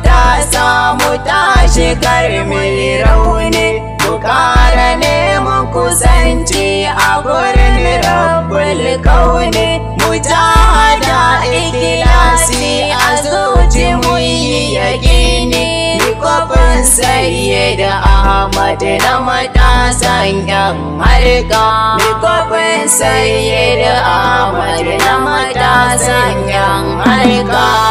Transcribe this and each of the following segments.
ta samu ta shigar mai rauni Mu ƙara neman kusanci a gurin rabbul kauni mu ta hada ikilasi a zuci mu yi yaƙini ni kofin saye da ahmad na matasan yan harka ni kofin saye da ahmad na matasan yan harka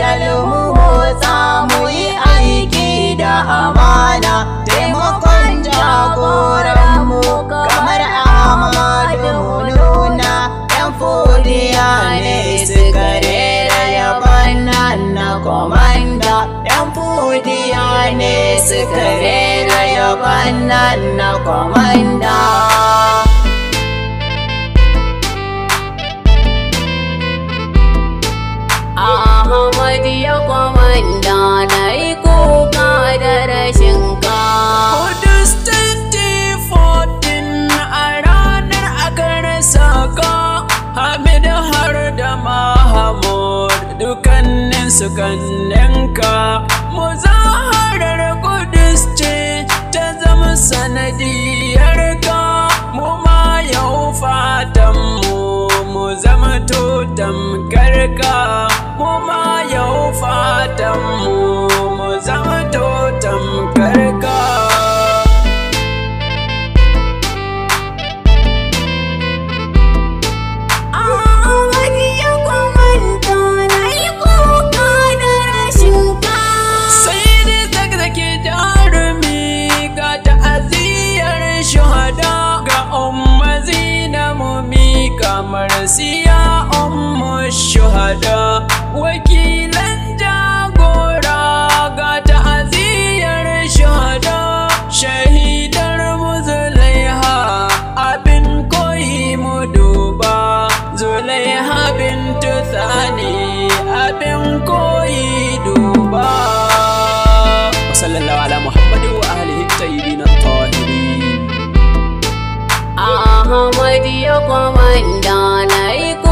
jalhu za mu yi aiki da amana taimakon jagoranmu kamar amadu nuna yan fodiya ne suka rera yaban na komanda yan fodiya ne suka rera yaban na komanda sako Hamid har da Mahamud dukannin su kanninka muzaharar Kudus ce ta zama sanadiyar ka mu ma yau fatan mu mu zama tutan karka mu ma yau fatan mu mu zama tutan karka Shamsiya Ummu shahada wakilan jagora ga ta'aziyar shahada shahidar muzulaiha abin koyi mu duba Zulaiha bintu Thani abin koyi duba sallallahu ala Muhammadu wa alihi tayyibin at-tahirin Ahmad ya này cũng